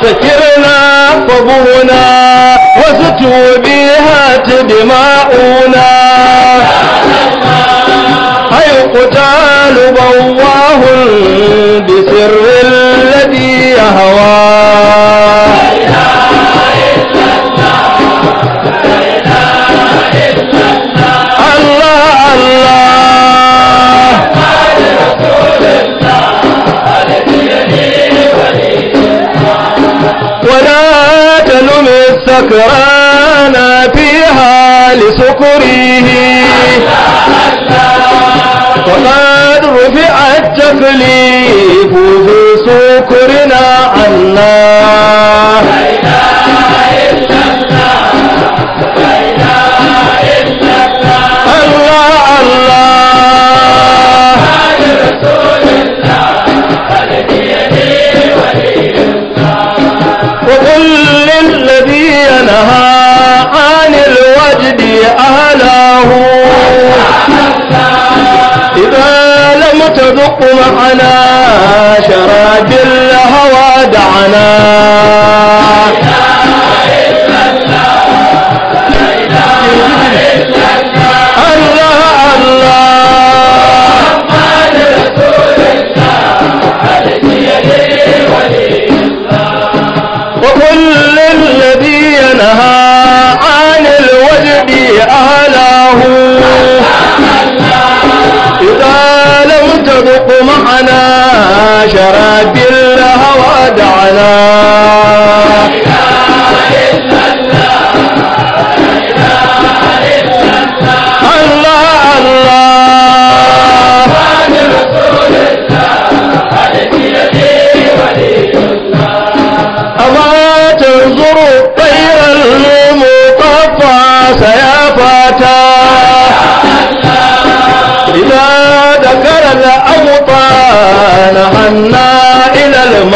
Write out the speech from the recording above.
سكرنا قبونا وستوا بها دماؤنا سكرانا فيها لسكره وقد رفع التكليف في سكرنا نذق معنا شراج الهوى دعنا الله الله الله ولي وكل الذي ينهى عن الوجد ربنا